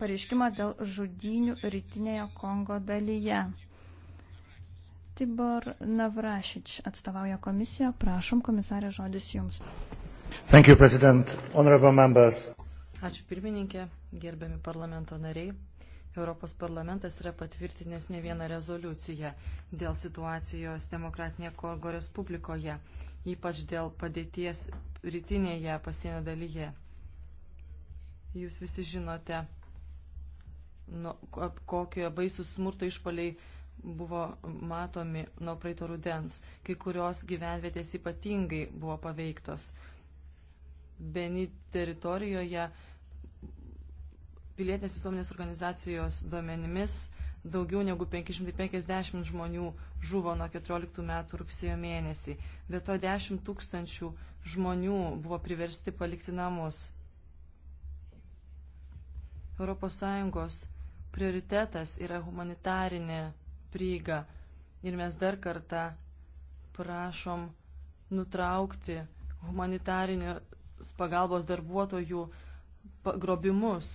pareiškimą dėl žudinių rytinėje Kongo dalyje. Tibor Navrašič atstovauja komisiją. Prašom, komisarė, žodis jums. Thank you, President. Honorable members. Ačiū pirmininkė, gerbiami parlamento nariai. Europos parlamentas yra patvirtinęs ne vieną rezoliuciją dėl situacijos Demokratinėje Kongo Respublikoje, ypač dėl padėties rytinėje pasienio dalyje. Jūs visi žinote, nu, kokie baisūs smurto išpaliai buvo matomi nuo praeito rudens. Kai kurios gyvenvietės ypatingai buvo paveiktos. Beni teritorijoje pilietinės visuomenės organizacijos duomenimis daugiau negu 550 žmonių žuvo nuo 14 metų rugsėjo mėnesį. Be to 10 tūkstančių žmonių buvo priversti palikti namus. ES prioritetas yra humanitarinė prieiga. Ir mes dar kartą prašom nutraukti humanitarinės pagalbos darbuotojų grobimus.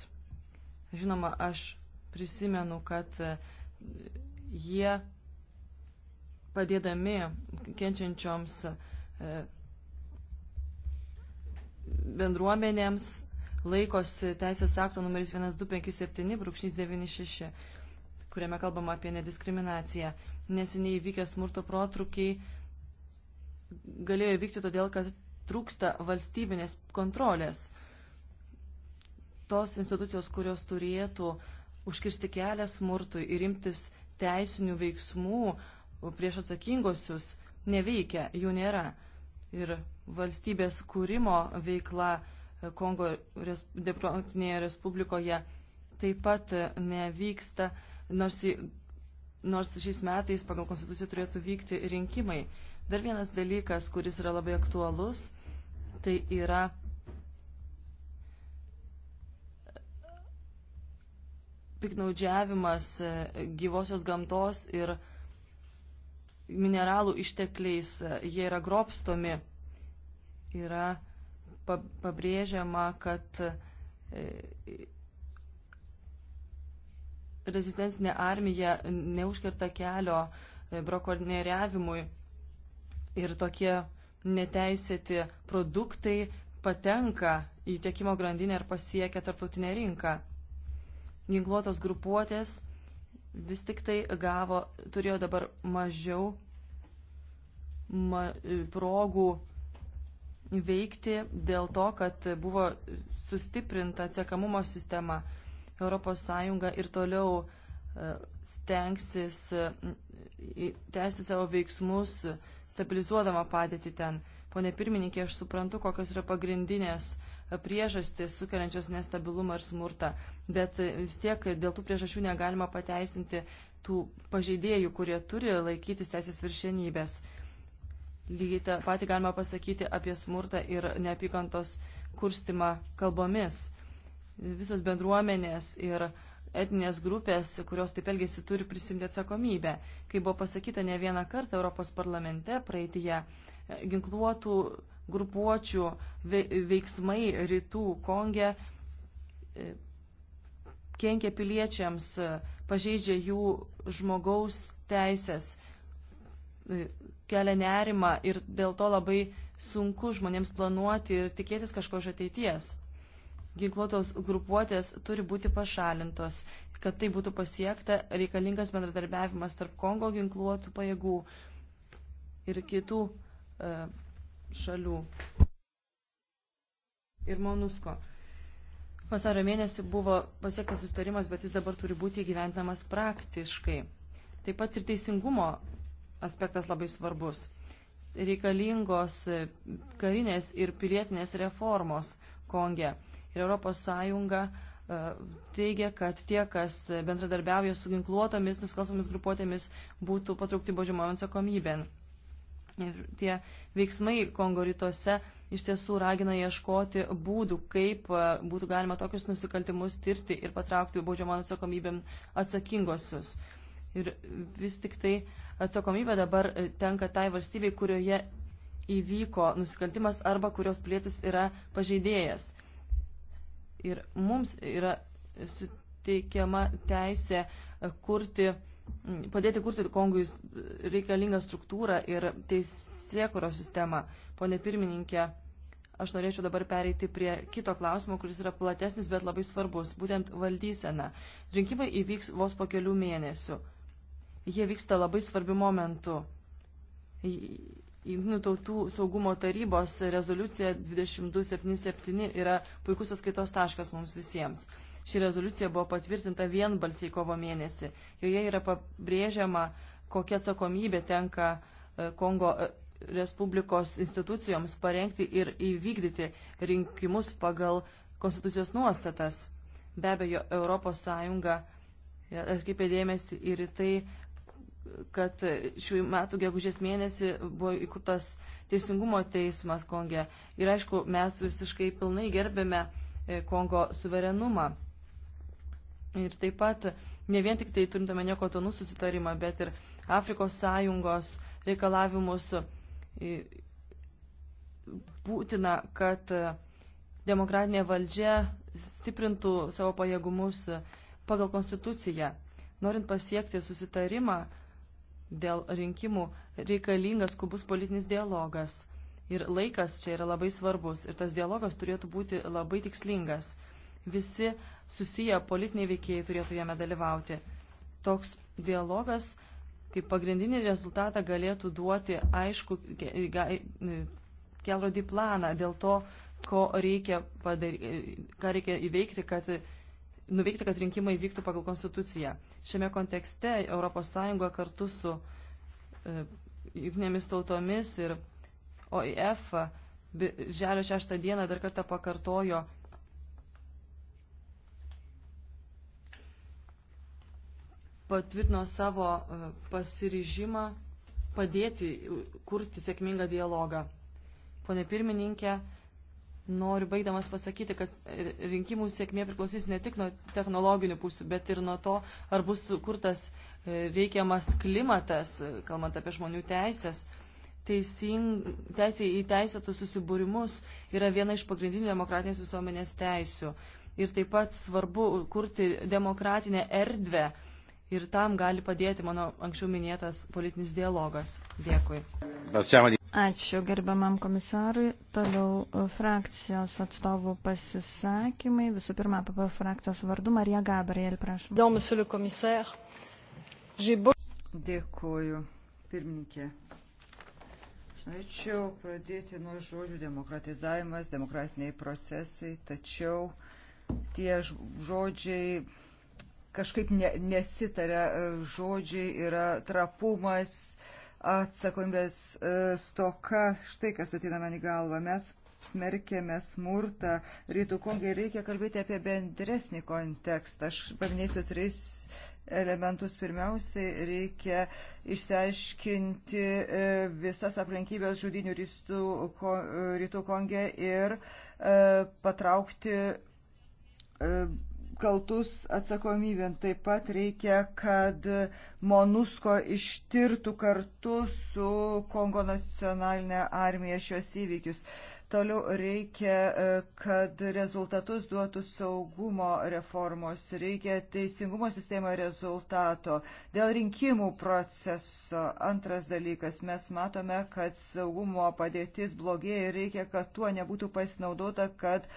Žinoma, aš prisimenu, kad e, jie padėdami kenčiančioms e, bendruomenėms laikosi teisės akto numeris 1257-96, kuriame kalbama apie nediskriminaciją. Neseniai įvykę smurto protrukiai galėjo įvykti todėl, kad trūksta valstybinės kontrolės. Tos institucijos, kurios turėtų užkirsti kelią smurtui ir imtis teisinių veiksmų prieš atsakingosius, neveikia, jų nėra. Ir valstybės kūrimo veikla Kongo Demokratinėje Respublikoje taip pat e, nevyksta, nors, nors šiais metais pagal konstituciją turėtų vykti rinkimai. Dar vienas dalykas, kuris yra labai aktualus, tai yra piknaudžiavimas e, gyvosios gamtos ir mineralų ištekliais. E, jie yra grobstomi. Yra pabrėžiama, kad e, rezistencinė armija neužkerta kelio e, brokonėriavimui ir tokie neteisėti produktai patenka į tiekimo grandinę ir pasiekia tarptautinę rinką. Ginkluotos grupuotės vis tik tai gavo, turėjo dabar mažiau ma, e, progų veikti dėl to, kad buvo sustiprinta atsiekamumo sistema. ES ir toliau e, stengsis e, tęsti savo veiksmus, stabilizuodama padėtį ten. Pone pirmininkė, aš suprantu, kokios yra pagrindinės e, priežastis sukeliančios nestabilumą ir smurtą, bet vis tiek dėl tų priežasčių negalima pateisinti tų pažeidėjų, kurie turi laikytis teisės viršienybės. Lygiai tą patį galima pasakyti apie smurtą ir neapykantos kurstimą kalbomis. Visos bendruomenės ir etinės grupės, kurios taip elgėsi, turi prisimti atsakomybę. Kai buvo pasakyta ne vieną kartą Europos parlamente praeitie, ginkluotų grupuočių veiksmai rytų Konge e, kenkia piliečiams, pažeidžia jų žmogaus teisės E, kelia nerima ir dėl to labai sunku žmonėms planuoti ir tikėtis kažko iš ateities. Ginkluotos grupuotės turi būti pašalintos. Kad tai būtų pasiekta, reikalingas bendradarbiavimas tarp Kongo ginkluotų pajėgų ir kitų e, šalių. Ir Monusko. Vasario mėnesį buvo pasiektas sustarimas, bet jis dabar turi būti įgyventamas praktiškai. Taip pat ir teisingumo aspektas labai svarbus. Reikalingos karinės ir pilietinės reformos Konge. Ir ES e, teigia, kad tie, kas bendradarbiauja su ginkluotomis nusikalstomis grupuotėmis, būtų patraukti baudžiamojo atsakomybėn. Ir tie veiksmai Kongo rytuose iš tiesų ragina ieškoti būdų, kaip e, būtų galima tokius nusikaltimus tirti ir patraukti baudžiamą atsakomybėm atsakingosius. Ir vis tik tai uh, atsakomybė dabar e, tenka tai valstybei, kurioje įvyko nusikaltimas arba kurios plėtis yra pažeidėjas. Ir mums yra suteikiama teisė e, kurti, padėti kurti Kongui e, reikalingą struktūrą ir teisėkuro sistemą. Pone pirmininkė, aš norėčiau dabar pereiti prie kito klausimo, kuris yra platesnis, bet labai svarbus, būtent valdysena. Rinkimai įvyks vos po kelių mėnesių. Jie vyksta labai svarbiu momentu. Junktinių tautų saugumo tarybos rezoliucija 2277 yra puikus atskaitos taškas mums visiems. Ši rezoliucija buvo patvirtinta vienbalsiai kovo mėnesį. Joje yra pabrėžiama, kokia atsakomybė tenka e, Kongo e, Respublikos institucijoms parengti ir įvykdyti rinkimus pagal konstitucijos nuostatas. Be abejo, ES e, atkreipė dėmesį ir į tai, kad šių metų gegužės mėnesį buvo įkurtas Teisingumo teismas Konge. Ir aišku, mes visiškai pilnai gerbėme e, Kongo suverenumą. Ir taip pat ne vien tik tai turintame omenyje kotonų susitarimą, bet ir Afrikos sąjungos reikalavimus būtina, kad e, demokratinė valdžia stiprintų savo pajėgumus e, pagal konstituciją. Norint pasiekti susitarimą, dėl rinkimų reikalingas skubus politinis dialogas. Ir laikas čia yra labai svarbus. Ir tas dialogas turėtų būti labai tikslingas. Visi susiję politiniai veikėjai turėtų jame dalyvauti. Toks dialogas kaip pagrindinį rezultatą galėtų duoti aišku e, kelrodį planą dėl to, ko reikia padaryti, e, ką reikia įveikti, kad nuveikti, kad rinkimai vyktų pagal konstituciją. Šiame kontekste ES kartu su e, jungtinėmis tautomis ir OIF želio 6 dieną dar kartą pakartojo patvirtino savo e, pasiryžimą padėti kurti sėkmingą dialogą. Pone pirmininkė, Noriu baigdamas pasakyti, kad rinkimų sėkmė priklausys ne tik nuo technologinių pusių, bet ir nuo to, ar bus sukurtas e, reikiamas klimatas, e, kalbant apie žmonių teisės. Teising, teisė į teisėtus susibūrimus yra viena iš pagrindinių demokratinės visuomenės teisių. Ir taip pat svarbu kurti demokratinę erdvę. Ir tam gali padėti mano anksčiau minėtas politinis dialogas. Dėkui. Ačiū gerbiamam komisarui. Toliau e, frakcijos atstovų pasisakymai. Visų pirma, PP frakcijos vardu Marija Gabriel, prašom. Dėkuoju, pirmininkė. Aš norėčiau pradėti nuo žodžių demokratizavimas, demokratiniai procesai, tačiau tie žodžiai kažkaip ne, nesitaria, e, žodžiai yra trapumas, uh, atsakomybės e, stoka, štai kas atina man į galvą, mes smerkėme smurtą rytų kongai, reikia kalbėti apie bendresnį kontekstą. Aš paminėsiu tris elementus. Pirmiausiai reikia išsiaiškinti e, visas aplinkybės žudinių rytų, e, rytų kongė ir patraukti kaltus atsakomybėn. Taip pat reikia, kad Monusko ištirtų kartu su Kongo nacionalinė armija šios įvykius. Toliau reikia, e, kad rezultatus duotų saugumo reformos, reikia teisingumo sistemo rezultato. Dėl rinkimų proceso antras dalykas, mes matome, kad saugumo padėtis blogėja ir reikia, kad tuo nebūtų pasinaudota, kad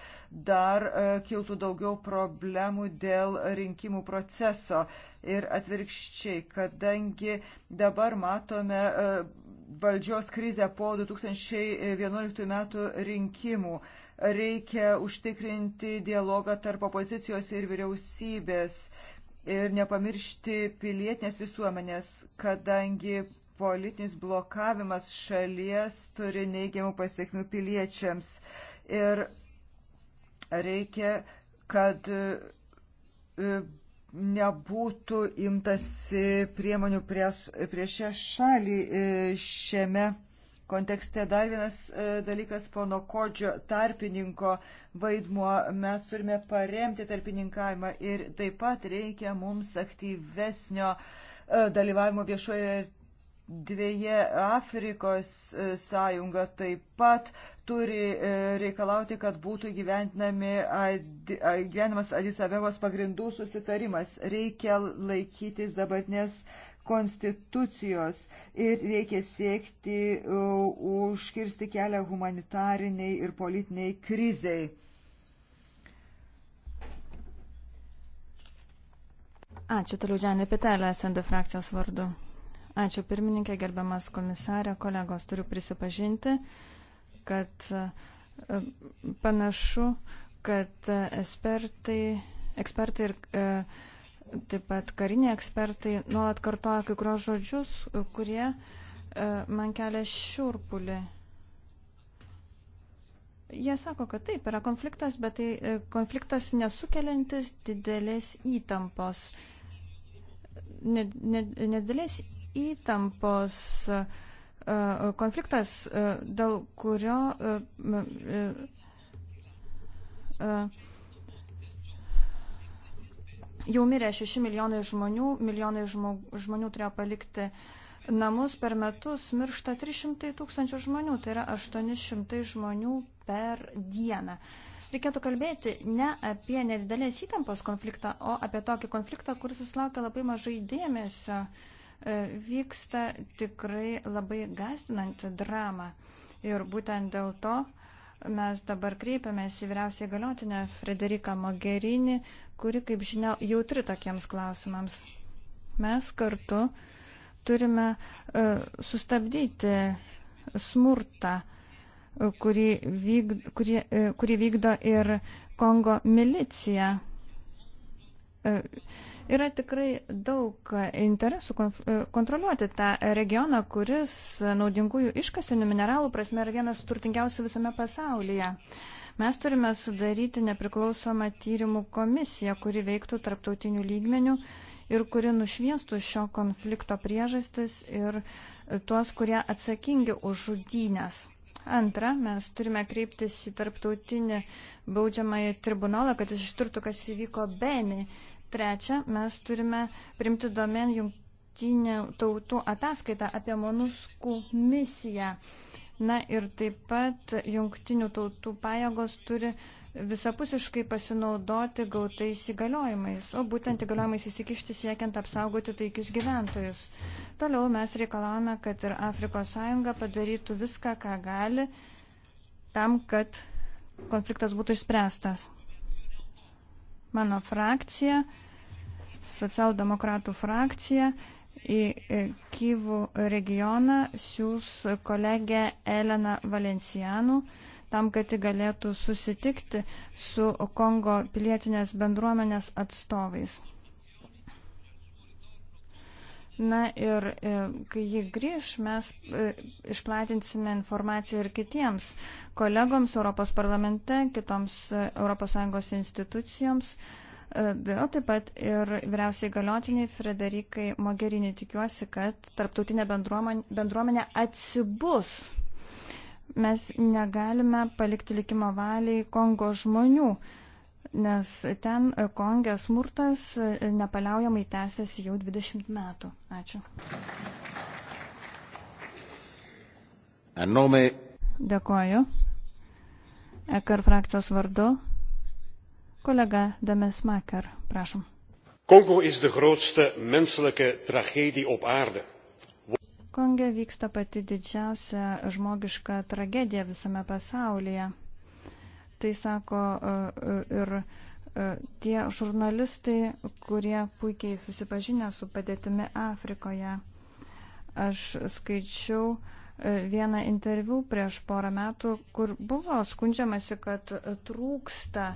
dar e, kiltų daugiau problemų dėl rinkimų proceso. Ir atvirkščiai, kadangi dabar matome e, valdžios krizę po 2011 metų rinkimų. Reikia užtikrinti dialogą tarp opozicijos ir vyriausybės ir nepamiršti pilietinės visuomenės, kadangi politinis blokavimas šalies turi neigiamų pasiekmių piliečiams. Ir reikia, kad e, nebūtų imtasi priemonių prieš, prieš šią šalį e, šiame kontekste. Dar vienas e, dalykas pono Kodžio tarpininko vaidmuo. Mes turime paremti tarpininkavimą ir taip pat reikia mums aktyvesnio e, dalyvavimo viešoje dvieje Afrikos sąjunga taip pat turi e, reikalauti, kad būtų gyvenimas Adis Abebos pagrindų susitarimas. Reikia laikytis dabartinės konstitucijos ir reikia siekti e, užkirsti kelią humanitariniai ir politiniai kriziai. Ačiū toliau Džianė Pitelė, SND frakcijos vardu. Ačiū pirmininkė, gerbiamas komisarė, kolegos, turiu prisipažinti, kad e, panašu, kad ekspertai, ekspertai ir e, taip pat kariniai ekspertai nuolat kartoja kai kurios žodžius, kurie e, man kelia šiurpulį. Jie sako, kad taip, yra konfliktas, bet tai konfliktas nesukeliantis didelės įtampos. Nedidelės įtampos uh, konfliktas, e, dėl kurio e, e, jau mirė 6 milijonai žmonių, milijonai žmonių turėjo palikti namus per metus, miršta 300 tūkstančių žmonių, tai yra 800 žmonių per dieną. Reikėtų kalbėti ne apie nedidelės įtampos konfliktą, o apie tokį konfliktą, kuris susilaukia labai mažai dėmesio. Uh, E, vyksta tikrai labai gastinanti drama. Ir būtent dėl to mes dabar kreipiamės į vyriausiai galiotinę Frederiką Mogherini, kuri, kaip žinia, jautri tokiems klausimams. Mes kartu turime e, sustabdyti smurtą, e, kurį, vykd, kurį, kurį vykdo ir Kongo milicija Yra tikrai daug interesų e, kontroliuoti tą regioną, kuris naudingųjų iškasinių mineralų prasme yra vienas turtingiausių visame pasaulyje. Mes turime sudaryti nepriklausomą tyrimų komisiją, kuri veiktų tarptautinių lygmenių ir kuri nušviestų šio konflikto priežastis ir e, tuos, kurie atsakingi už žudynės. Antra, mes turime kreiptis į tarptautinį baudžiamąjį tribunolą, kad jis ištirtų, kas įvyko Beni. Trečia, mes turime primti domen jungtinę tautų ataskaitą apie Monuskų misiją. Na ir taip pat jungtinių tautų pajėgos turi visapusiškai pasinaudoti gautais įgaliojimais, o būtent įgaliojimais įsikišti siekiant apsaugoti taikius gyventojus. Toliau mes reikalavome, kad ir Afrikos Sąjunga padarytų viską, ką gali, tam, kad konfliktas būtų išspręstas. Mano frakcija, socialdemokratų frakcija, į Kyvų regioną siūs kolegė Elena Valencianų tam, kad ji galėtų susitikti su Kongo pilietinės bendruomenės atstovais. Na ir e, kai ji grįž, mes e, išplatinsime informaciją ir kitiems kolegoms Europos parlamente, kitoms ES institucijoms, e, o taip pat ir vyriausiai galiotiniai Frederikai Mogherini. Tikiuosi, kad tarptautinė bendruomenė, bendruomenė atsibus. Mes negalime palikti likimo valiai Kongo žmonių nes ten Kongė smurtas nepaliaujamai tęsiasi jau 20 metų. Ačiū. Anome. Dėkoju. Ekar frakcijos vardu. Kolega Dames Makar, prašom. Kongo is de grootste menselijke tragedie op aarde. Konge vyksta pati didžiausia žmogiška tragedija visame pasaulyje. Tai sako e, e, ir e, tie žurnalistai, kurie puikiai susipažinę su padėtimi Afrikoje. Aš skaičiau vieną interviu prieš porą metų, kur buvo skundžiamasi, kad trūksta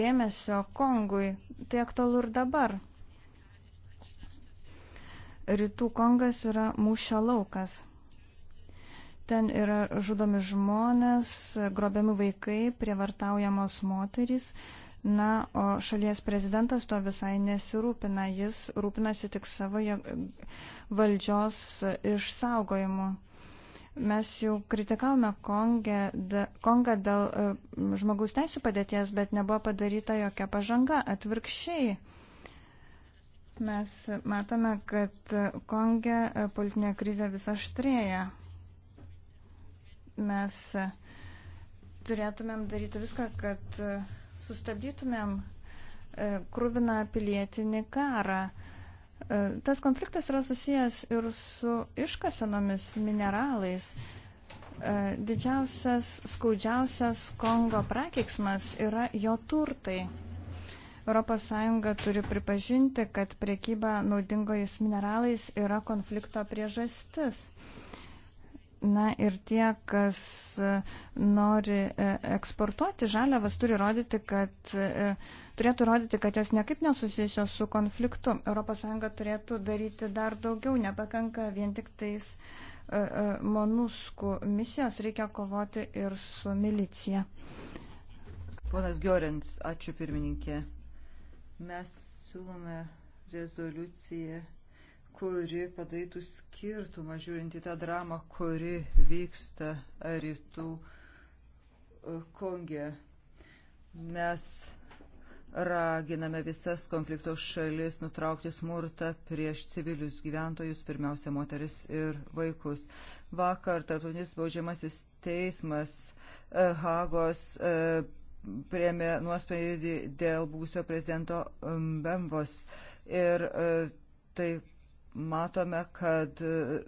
dėmesio Kongui. Tai aktualu ir dabar. Rytų Kongas yra mūšio laukas. Ten yra žudomi žmonės, grobiami vaikai, prievartaujamos moterys. Na, o šalies prezidentas to visai nesirūpina. Jis rūpinasi tik savo valdžios išsaugojimu. Mes jau kritikavome Kongą dėl e, žmogaus teisų padėties, bet nebuvo padaryta jokia pažanga. Atvirkščiai. Mes matome, kad Konge politinė krizė vis aštrėja mes turėtumėm daryti viską, kad sustabdytumėm e, krūviną pilietinį karą. E, tas konfliktas yra susijęs ir su iškasenomis mineralais. E, didžiausias, skaudžiausias Kongo prakeiksmas yra jo turtai. ES turi pripažinti, kad priekyba naudingojais mineralais yra konflikto priežastis. Uh, Na ir tie, kas e, nori e, eksportuoti žaliavas, turi rodyti, kad, e, turėtų rodyti, kad jos niekaip nesusijusios su konfliktu. ES turėtų daryti dar daugiau, nepakanka vien tik tais monuskų misijos, reikia kovoti ir su milicija. Ponas Giorins, ačiū pirmininkė. Mes siūlome rezoliuciją kuri padarytų skirtumą žiūrint į tą dramą, kuri vyksta rytų e, Konge. Mes raginame visas konflikto šalis nutraukti smurtą prieš civilius gyventojus, pirmiausia moteris ir vaikus. Vakar Tartunis baudžiamasis teismas e, Hagos e, priemė nuosprendį dėl būsio prezidento Bembos ir taip matome, kad e,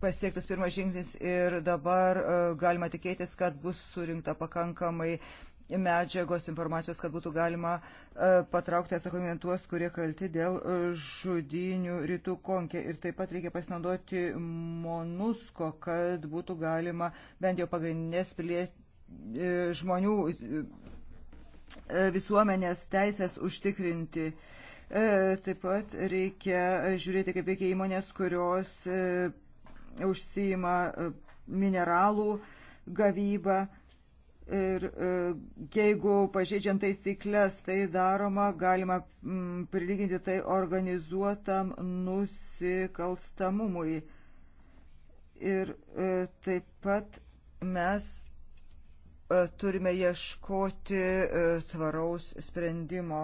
pasiektas pirmas žingsnis ir dabar e, galima tikėtis, kad bus surinkta pakankamai medžiagos informacijos, kad būtų galima e, patraukti atsakomybę tuos, kurie kalti dėl žudinių rytų konkė. Ir taip pat reikia pasinaudoti monusko, kad būtų galima bent jau pagrindinės pilie... žmonių visuomenės teisės užtikrinti. Uh, E, taip pat reikia žiūrėti, kaip veikia įmonės, kurios e, užsijima e, mineralų gavybą. Ir jeigu pažeidžiant taisyklės tai daroma, galima mm, prilyginti tai organizuotam nusikalstamumui. Ir taip pat mes turime ieškoti tvaraus sprendimo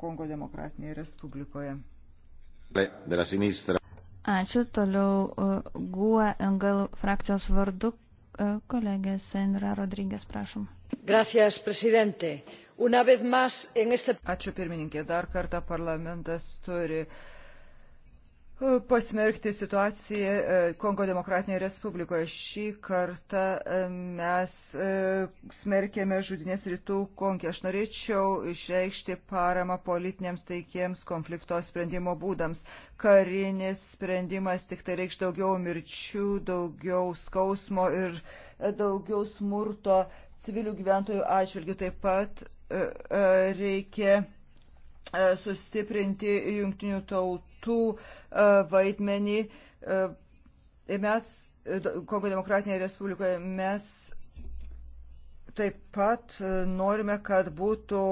Kongo demokratinėje respublikoje. Ačiū. Toliau uh, GUE NGL frakcijos vardu uh, kolegė Senra Rodrygės, prašom. Gracias, presidente. Una vez más en este... Ačiū pirmininkė. Dar kartą parlamentas turi uh, pasmerkti situaciją e, Kongo demokratinėje Respublikoje. Šį kartą e, mes e, smerkėme žudinės rytų Konkė. Aš norėčiau išreikšti paramą politiniams taikiems konflikto sprendimo būdams. Karinis sprendimas tik tai reikš daugiau mirčių, daugiau skausmo ir daugiau smurto civilių gyventojų atžvilgių. Taip pat reikia E, sustiprinti jungtinių tautų e, vaidmenį. E, ir mes, Kongo demokratinėje Respublikoje, mes taip pat norime, kad būtų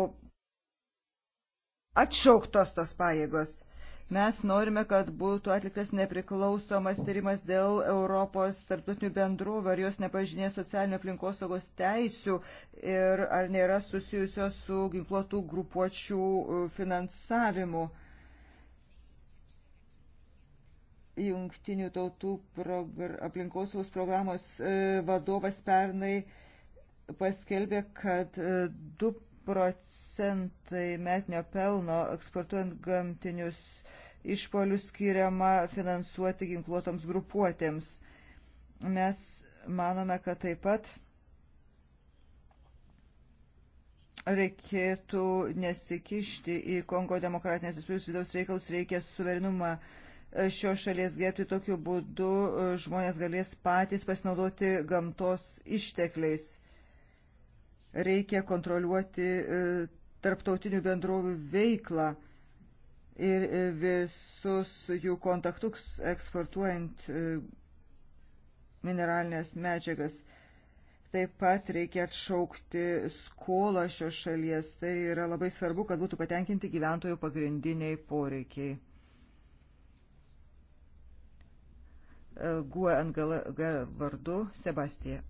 atšauktos tos pajėgos. Mes norime, kad būtų atliktas nepriklausomas tyrimas dėl Europos tarptautinių bendrovų, ar jos nepažinė socialinio aplinkosaugos teisių ir ar nėra susijusios su ginkluotų grupuočių finansavimu. Jungtinių tautų progr aplinkosaugos programos e, vadovas pernai paskelbė, kad 2 e, procentai metinio pelno eksportuojant gamtinius išpolių skiriama finansuoti ginkluotoms grupuotėms. Mes manome, kad taip pat reikėtų nesikišti į Kongo demokratinės Respublikos vidaus reikalus, reikia suverenumą šios šalies gerbti, tokiu būdu e, žmonės galės patys pasinaudoti gamtos ištekliais. Reikia kontroliuoti e, tarptautinių bendrovių veiklą ir e, visus jų kontaktus eksportuojant e, mineralinės medžiagas. Taip pat reikia atšaukti skolą šios šalies. Tai yra labai svarbu, kad būtų patenkinti gyventojų pagrindiniai poreikiai. E, GUE NGLG vardu Sebastija.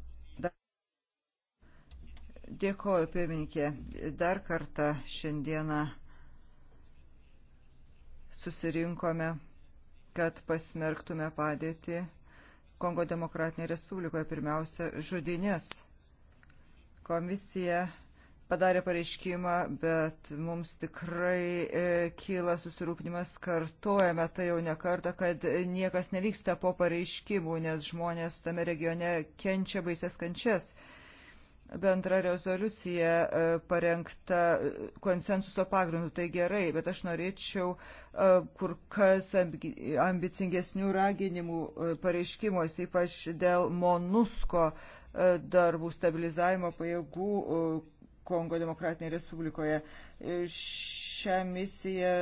Dėkoju, pirmininkė. Dar kartą šiandieną susirinkome, kad pasmerktume padėtį Kongo Demokratinėje Respublikoje, pirmiausia, žudinės. Komisija padarė pareiškimą, bet mums tikrai e, kyla susirūpinimas, kartuojame tai jau ne kartą, kad niekas nevyksta po pareiškimų, nes žmonės tame regione kenčia baises kančias bendra rezoliucija e, parengta e, konsensuso pagrindu, tai gerai, bet aš norėčiau e, kur kas ambicingesnių raginimų pareiškimuose, ypač dėl Monusko darbų stabilizavimo pajėgų Kongo Demokratinėje Respublikoje. Šią misiją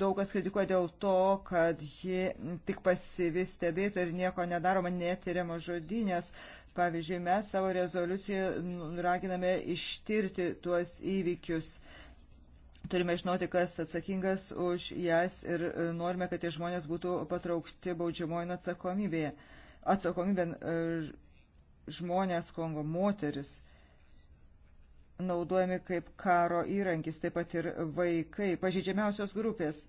daug kas kritikuoja dėl to, kad ji tik pasivis stebėtų ir nieko nedaroma, netyriama žodinės. Uh, Pavyzdžiui, mes savo rezoliuciją nu, raginame ištirti tuos įvykius. Turime žinoti, kas atsakingas už jas ir e, norime, kad tie žmonės būtų patraukti baudžiamojo atsakomybėje. Atsakomybė e, žmonės Kongo moteris naudojami kaip karo įrankis, taip pat ir vaikai, pažydžiamiausios grupės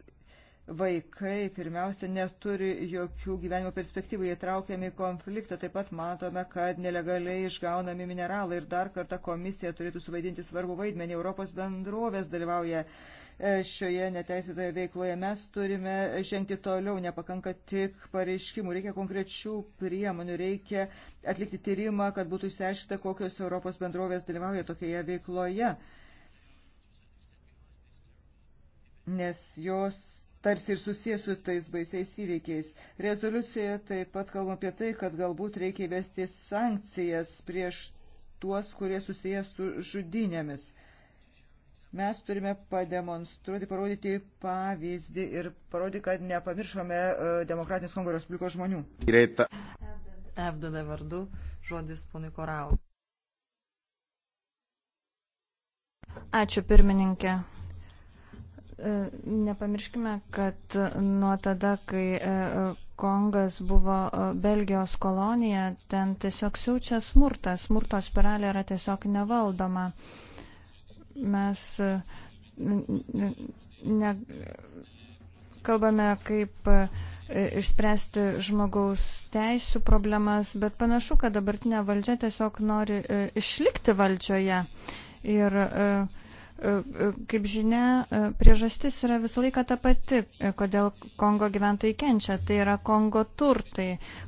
vaikai pirmiausia neturi jokių gyvenimo perspektyvų, jie traukiami į konfliktą. Taip pat matome, kad nelegaliai išgaunami mineralai ir dar kartą komisija turėtų suvaidinti svarbu vaidmenį. Europos bendrovės dalyvauja e, šioje neteisėtoje veikloje. Mes turime žengti toliau, nepakanka tik pareiškimų, reikia konkrečių priemonių, reikia atlikti tyrimą, kad būtų išsiaiškita, kokios Europos bendrovės dalyvauja tokioje veikloje. Nes jos tarsi ir susijęs su tais baisiais įvykiais. Rezoliucijoje taip pat kalbam apie tai, kad galbūt reikia įvesti sankcijas prieš tuos, kurie susijęs su žudinėmis. Mes turime pademonstruoti, parodyti pavyzdį ir parodyti, kad nepamiršome e, Demokratinės Kongo Respublikos žmonių. Greita. FDD vardu žodis ponui Korau. Ačiū pirmininkė. E, nepamirškime, kad nuo tada, kai e, Kongas buvo e, Belgijos kolonija, ten tiesiog siaučia smurtas, smurto spiralė yra tiesiog nevaldoma. Mes ne, kalbame, kaip išspręsti žmogaus teisų problemas, bet panašu, kad dabartinė valdžia tiesiog nori išlikti valdžioje. Ir uh, Kaip žinia, priežastis yra visą laiką ta pati, kodėl Kongo gyventojai kenčia. Tai yra Kongo turtai.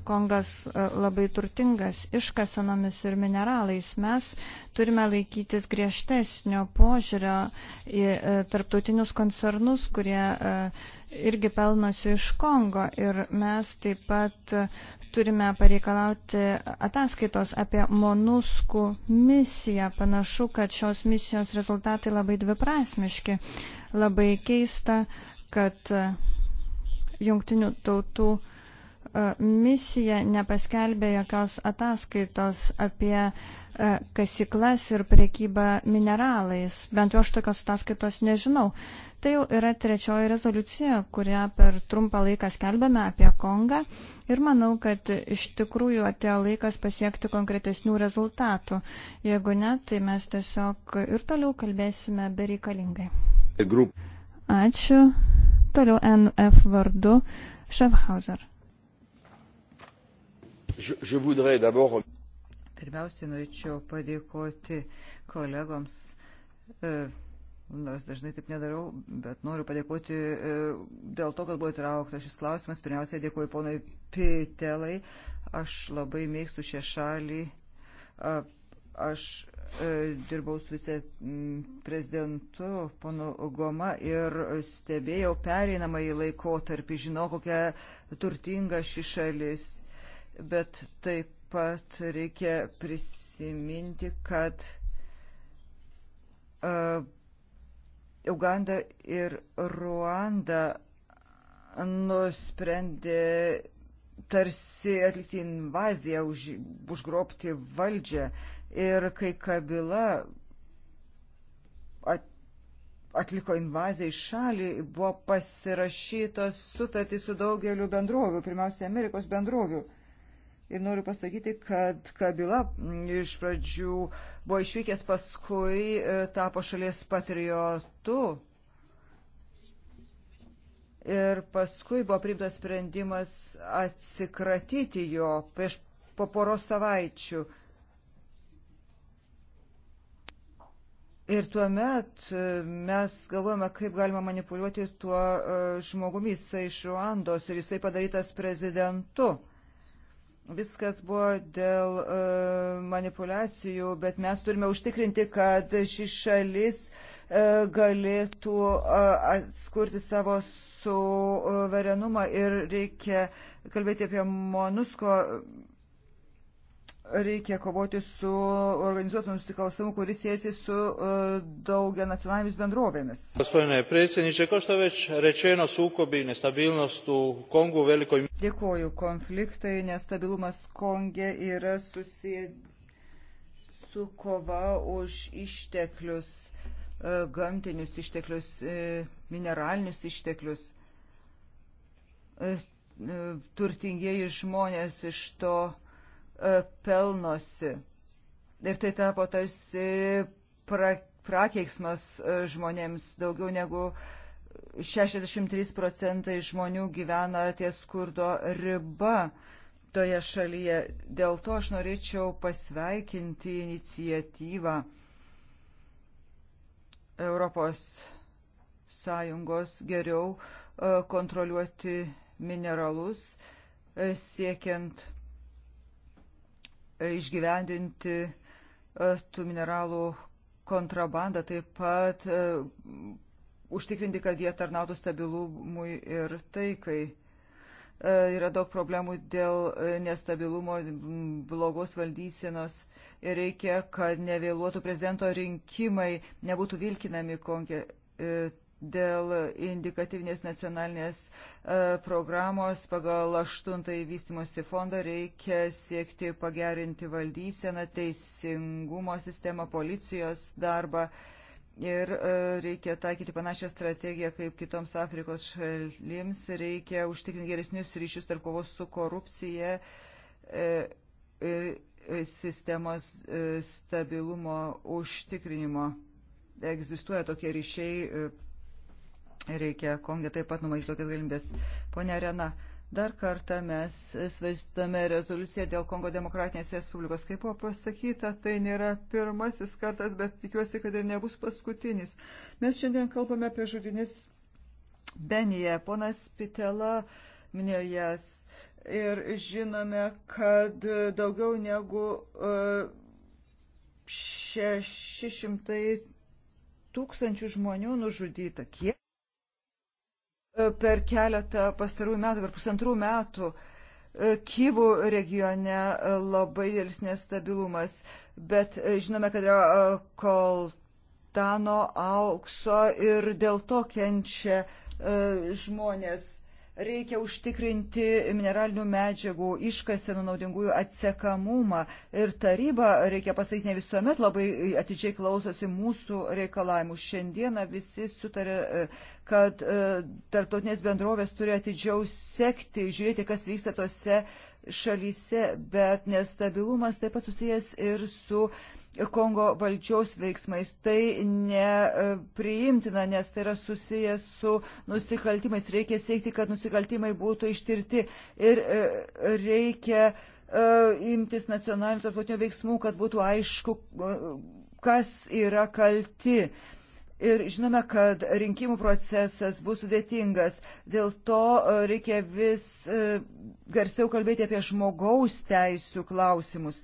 Kongas e, labai turtingas iškasenomis ir mineralais. Mes turime laikytis griežtesnio požiūrio į e, tarptautinius koncernus, kurie e, irgi pelnosi iš Kongo. Ir mes taip pat turime pareikalauti ataskaitos apie Monuskų misiją. Panašu, kad šios misijos rezultatai labai dviprasmiški. Labai keista, kad jungtinių tautų uh, E, misija nepaskelbė jokios ataskaitos apie e, kasiklas ir priekybą mineralais. Bent jau aš tokios ataskaitos nežinau. Tai jau yra trečioji rezoliucija, kurią per trumpą laiką skelbėme apie Kongą ir manau, kad iš tikrųjų atėjo laikas pasiekti konkretesnių rezultatų. Jeigu ne, tai mes tiesiog ir toliau kalbėsime bereikalingai. Ačiū. Toliau NF vardu Šefhauser. Je voudrais d'abord. Pirmiausiai norėčiau padėkoti kolegoms, e, nors dažnai taip nedarau, bet noriu padėkoti e, dėl to, kad buvo įtrauktas šis klausimas. Pirmiausiai dėkuoju ponai Pitelai. Aš labai mėgstu šią šalį. Aš e, dirbau su viceprezidentu ponu Goma ir stebėjau pereinamąjį laikotarpį, žinau, kokia turtinga ši šalis bet taip pat reikia prisiminti, kad uh, Uganda ir Ruanda nusprendė tarsi atlikti invaziją, už, užgrobti valdžią. Ir kai Kabila at, atliko invaziją į šalį, buvo pasirašytos sutartys su daugeliu bendrovių, pirmiausia, Amerikos bendrovių. Uh, Ir noriu pasakyti, kad Kabila mm, iš pradžių buvo išvykęs, paskui e, tapo šalies patriotu. Ir paskui buvo priimtas sprendimas atsikratyti jo prieš po poros savaičių. Ir tuomet e, mes galvojame, kaip galima manipuliuoti tuo e, žmogumi, jisai iš Ruandos ir jisai padarytas prezidentu. Viskas buvo dėl e, manipulacijų, bet mes turime užtikrinti, kad ši šalis e, galėtų e, atskurti savo suverenumą ir reikia kalbėti apie Monusko reikia kovoti su organizuotu nusikalstamu, kuris siejasi su e, daugia nacionalinėmis bendrovėmis. Gospodine predsjedniče, kao što već rečeno, sukobi, nestabilnost u Kongu velikoj... Dėkuoju. Konfliktai, nestabilumas Konge yra susiję su kova už išteklius, e, gamtinius išteklius, e, mineralinius išteklius turtingieji žmonės iš to E, pelnosi. Ir tai tapo tarsi pra, prakeiksmas e, žmonėms daugiau negu 63 procentai žmonių gyvena ties skurdo riba toje šalyje. Dėl to aš norėčiau pasveikinti iniciatyvą Europos Sąjungos geriau e, kontroliuoti mineralus siekiant išgyvendinti e, tų mineralų kontrabandą, taip pat e, užtikrinti, kad jie tarnautų stabilumui ir taikai. E, yra daug problemų dėl nestabilumo, blogos valdysenos ir reikia, kad nevėluotų prezidento rinkimai, nebūtų vilkinami konke dėl indikatyvinės nacionalinės e, programos pagal aštuntąjį vystimosi fondą reikia siekti pagerinti valdyseną, teisingumo sistemą, policijos darbą ir e, reikia taikyti panašią strategiją kaip kitoms Afrikos šalims, reikia užtikrinti geresnius ryšius tarp kovos su korupcija e, ir sistemos stabilumo užtikrinimo. Egzistuoja tokie ryšiai Reikia Kongė taip pat numatyti tokias galimybės. Pone Arena, dar kartą mes svarstame rezoliuciją dėl Kongo demokratinės Respublikos. Kaip buvo pasakyta, tai nėra pirmasis kartas, bet tikiuosi, kad ir nebus paskutinis. Mes šiandien kalbame apie žudinis Benyje. Ponas Pitela minėjo jas. Ir žinome, kad daugiau negu uh, e, 600 tūkstančių žmonių nužudyta. Kiek? E, per keletą pastarųjų metų, per pusantrų metų e, Kyvų regione e, labai dėlis nestabilumas, bet žinome, kad yra koltano aukso ir dėl to kenčia žmonės Reikia užtikrinti mineralinių medžiagų iškasenų naudingųjų atsekamumą ir taryba, reikia pasakyti, ne visuomet labai atidžiai klausosi mūsų reikalavimų. Šiandieną visi sutarė, kad e, tarptautinės bendrovės turi atidžiau sekti, žiūrėti, kas vyksta tose šalyse, bet nestabilumas taip pat susijęs ir su Kongo valdžios veiksmais. Tai nepriimtina, nes tai yra susijęs su nusikaltimais. Reikia siekti, kad nusikaltimai būtų ištirti ir e, reikia e, imtis nacionalinių tarptautinių veiksmų, kad būtų aišku, e, kas yra kalti. Ir žinome, kad rinkimų procesas bus sudėtingas. Dėl to e, reikia vis e, garsiau kalbėti apie žmogaus teisų klausimus.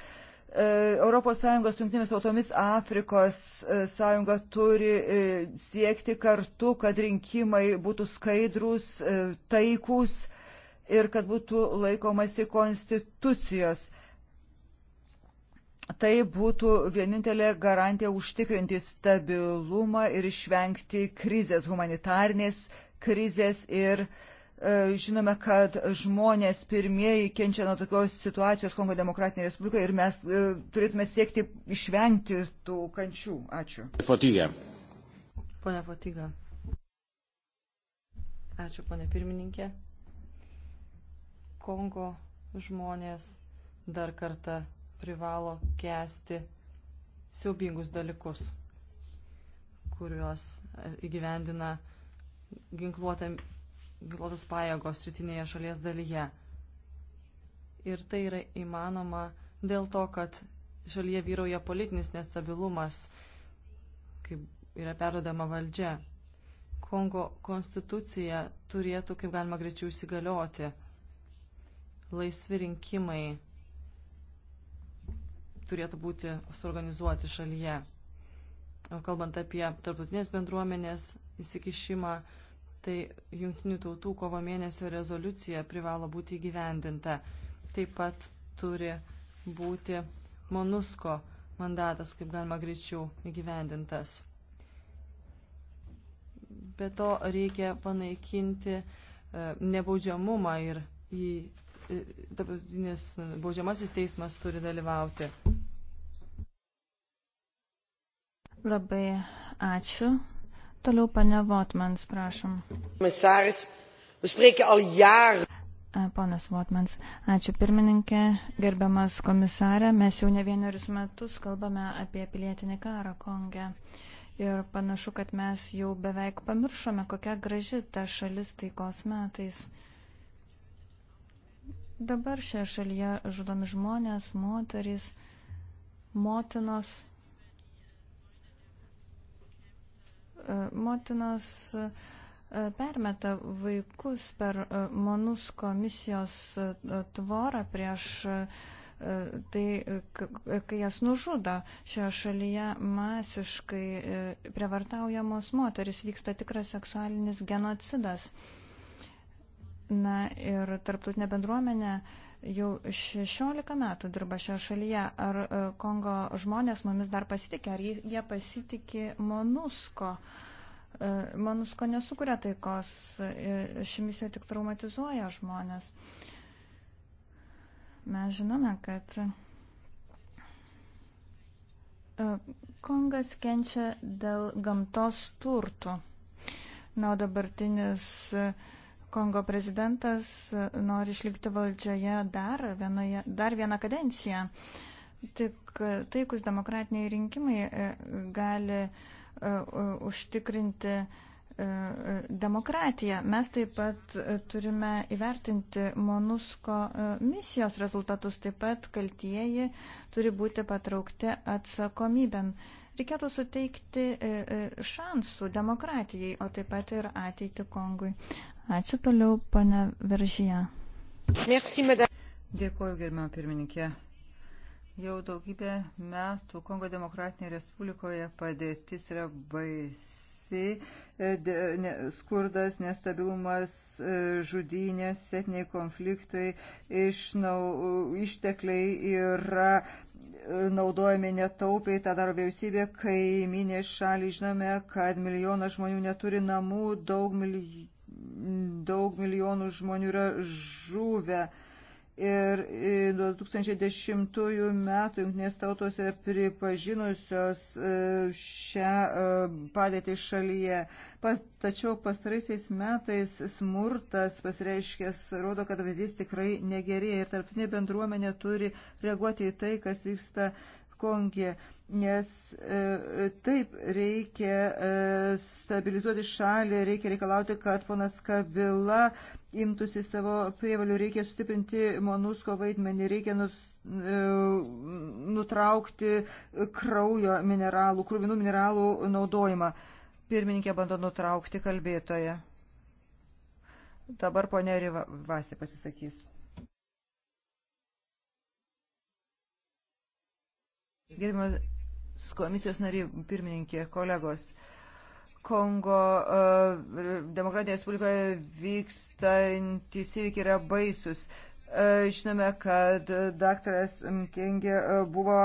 ES jungtinėmis tautomis Afrikos e, sąjunga turi siekti kartu, kad rinkimai būtų skaidrus, taikus ir kad būtų laikomasi konstitucijos. Tai būtų vienintelė garantija užtikrinti stabilumą ir išvengti krizės, humanitarnės krizės ir e, žinome, kad žmonės pirmieji kenčia nuo tokios situacijos Kongo Demokratinėje Respublikoje ir mes e, turėtume siekti išvengti tų kančių. Ačiū. Fotyga. Pone Fotyga. Ačiū, pone pirmininkė. Kongo žmonės dar kartą privalo kesti siaubingus dalykus, kuriuos e, įgyvendina ginkluotos pajėgos rytinėje šalies dalyje. Ir tai yra įmanoma dėl to, kad šalyje vyrauja politinis nestabilumas, kaip yra perdodama valdžia. Kongo konstitucija turėtų kaip galima greičiau įsigalioti. Laisvi rinkimai turėtų būti suorganizuoti šalyje. O kalbant apie tarptautinės bendruomenės įsikišimą, tai jungtinių tautų kovo mėnesio rezoliucija privalo būti įgyvendinta. Taip pat turi būti MONUSKO mandatas, kaip galima greičiau įgyvendintas. Be to reikia panaikinti e, nebaudžiamumą ir į e, tarptautinis baudžiamasis teismas turi dalyvauti. Labai ačiū. Toliau pane Votmans, prašom. Komisaris, užspriekia al jar. Ponas Votmans, ačiū pirmininkė, gerbiamas komisarė, mes jau ne vienerius metus kalbame apie pilietinį karą Konge. Ir panašu, kad mes jau beveik pamiršome, kokia graži ta šalis taikos metais. Dabar šioje šalyje žudomi žmonės, moterys, motinos motinos e, permeta vaikus per e, Monus komisijos e, tvorą prieš tai kai jas nužudo šioje šalyje masiškai prievartaujamos moteris, vyksta tikras seksualinis genocidas. Na ir tarptautinė bendruomenė jau 16 metų dirba šioje šalyje. Ar e, Kongo žmonės mumis dar pasitikė, ar jie pasitikė Monusko? E, Monusko nesukuria taikos, e, ši misija tik traumatizuoja žmonės. Mes žinome, kad Kongas kenčia dėl gamtos turtų. Na, o dabartinis uh, Kongo prezidentas nori išlikti valdžioje dar, vienoje, dar vieną kadenciją. Tik taikus demokratiniai rinkimai e, gali e, užtikrinti e, demokratiją. Mes taip pat turime įvertinti Monusko misijos rezultatus, taip pat kaltieji turi būti patraukti atsakomybėn. Reikėtų suteikti šansų demokratijai, o taip pat ir ateitį Kongui. Ačiū toliau, pane Veržyje. Dėkuoju, gerbimo pirmininkė. Jau daugybę metų Kongo Demokratinėje Respublikoje padėtis yra baisi. E, skurdas, nestabilumas, e, žudynės, setiniai konfliktai, išnau, ištekliai yra e, naudojami netaupiai, tą daro vyriausybė, kaiminė šaliai žinome, kad milijonas žmonių neturi namų, daug milijonų daug milijonų žmonių yra žuvę. Ir e, nuo 2010 metų jungtinės tautos yra pripažinusios e, šią e, padėtį šalyje. Pas, tačiau pastaraisiais metais smurtas pasireiškęs rodo, kad vadys tikrai negerėja ir tarptinė bendruomenė turi reaguoti į tai, kas vyksta Konge, nes e, taip reikia e, stabilizuoti šalį, reikia reikalauti, kad ponas Kabila imtųsi savo prievalių, reikia sustiprinti Monusko vaidmenį, reikia nus, e, nutraukti kraujo mineralų, krūvinų mineralų naudojimą. Pirmininkė bando nutraukti kalbėtoje. Dabar ponė Rivasi pasisakys. Gerbiamas komisijos nariai, pirmininkė, kolegos. Kongo e, Demokratinėje Respublikoje vykstantys įvykiai yra baisus. E, žinome, kad daktaras Mkengė e, buvo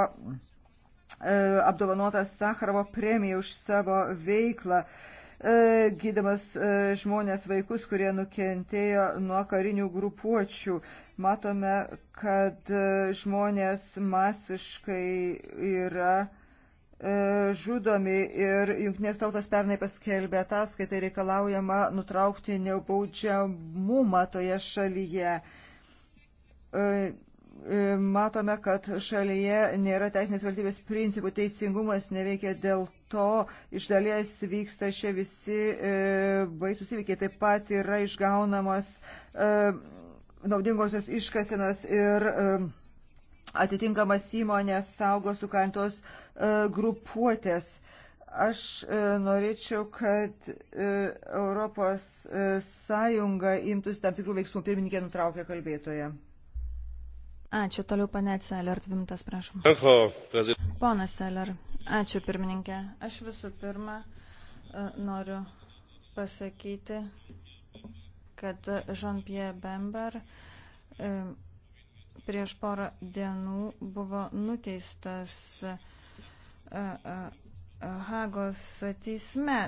apdovanotas Sakarovo premiją už savo veiklą. E, gydamas e, žmonės vaikus, kurie nukentėjo nuo karinių grupuočių. Matome, kad e, žmonės masiškai yra žudomi ir jungtinės tautos pernai paskelbė ataskaitą reikalaujama nutraukti neubaudžiamumą toje šalyje. Matome, kad šalyje nėra teisinės valstybės principų, teisingumas neveikia dėl to iš dalies vyksta šie visi e, baisus įvykiai. Taip pat yra išgaunamas e, naudingosios iškasenos ir e, atitinkamas įmonės saugo sukantos e, grupuotės. Aš e, norėčiau, kad e, Europos e, Sąjunga imtųsi tam tikrų veiksmų. Pirmininkė nutraukė kalbėtoje. Ačiū, toliau pane Celer, dvimtas, prašom. Ponas Celer, ačiū pirmininkė. Aš visų pirma e, noriu pasakyti, kad Jean-Pierre Bember e, prieš porą dienų buvo nuteistas e, Hagos teisme.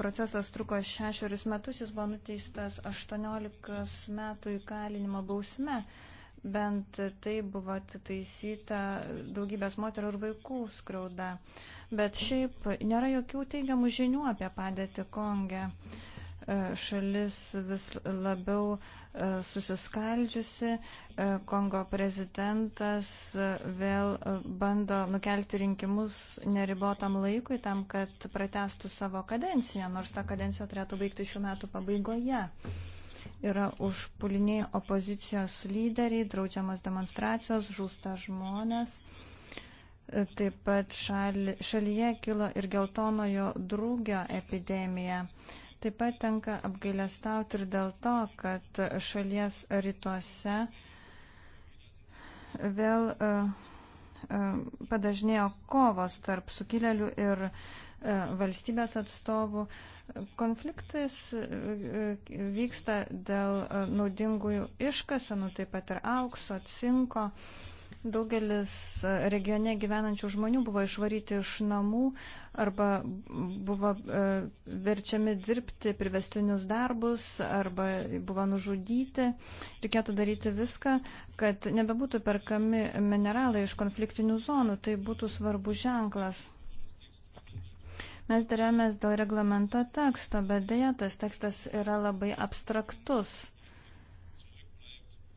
Procesas truko šešerius metus, jis buvo nuteistas 18 metų įkalinimo bausme bent tai buvo atitaisyta daugybės moterų ir vaikų skrauda. Bet šiaip nėra jokių teigiamų žinių apie padėtį Konge. E, šalis vis labiau e, susiskaldžiusi, e, Kongo prezidentas vėl bando nukelti rinkimus neribotam laikui tam, kad pratestų savo kadenciją, nors ta kadencija turėtų baigti šių metų pabaigoje yra užpuliniai opozicijos lyderiai, draudžiamas demonstracijos, žūsta žmonės. E, taip pat šali, šalyje kilo ir geltonojo drūgio epidemija. Taip pat tenka apgailestauti ir dėl to, kad šalies rytuose vėl uh, uh, padažnėjo kovos tarp sukilėlių ir uh, E, valstybės atstovų. Konfliktas e, e, vyksta dėl naudingųjų iškasenų, taip pat ir aukso, cinko. Daugelis regione gyvenančių žmonių buvo išvaryti iš namų arba buvo verčiami dirbti privestinius darbus arba buvo nužudyti. Reikėtų daryti viską, kad nebebūtų perkami mineralai iš konfliktinių zonų. Tai būtų svarbu ženklas. Mes darėmės dėl reglamento teksto, bet dėja tas tekstas yra labai abstraktus.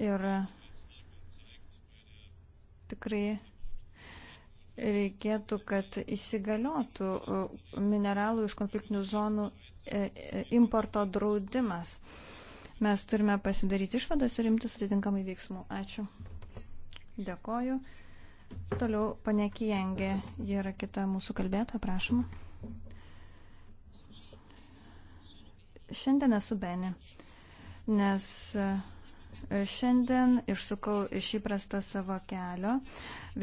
Ir tikrai reikėtų, kad įsigaliotų uh, mineralų iš konfliktinių zonų e, e, importo draudimas. Mes turime pasidaryti išvadas ir imtis atitinkamai veiksmų. Ačiū. Dėkoju. Toliau panekijengė, ji yra kita mūsų kalbėta, prašoma. Šiandien esu Beni, nes e, šiandien išsukau iš įprasto savo kelio,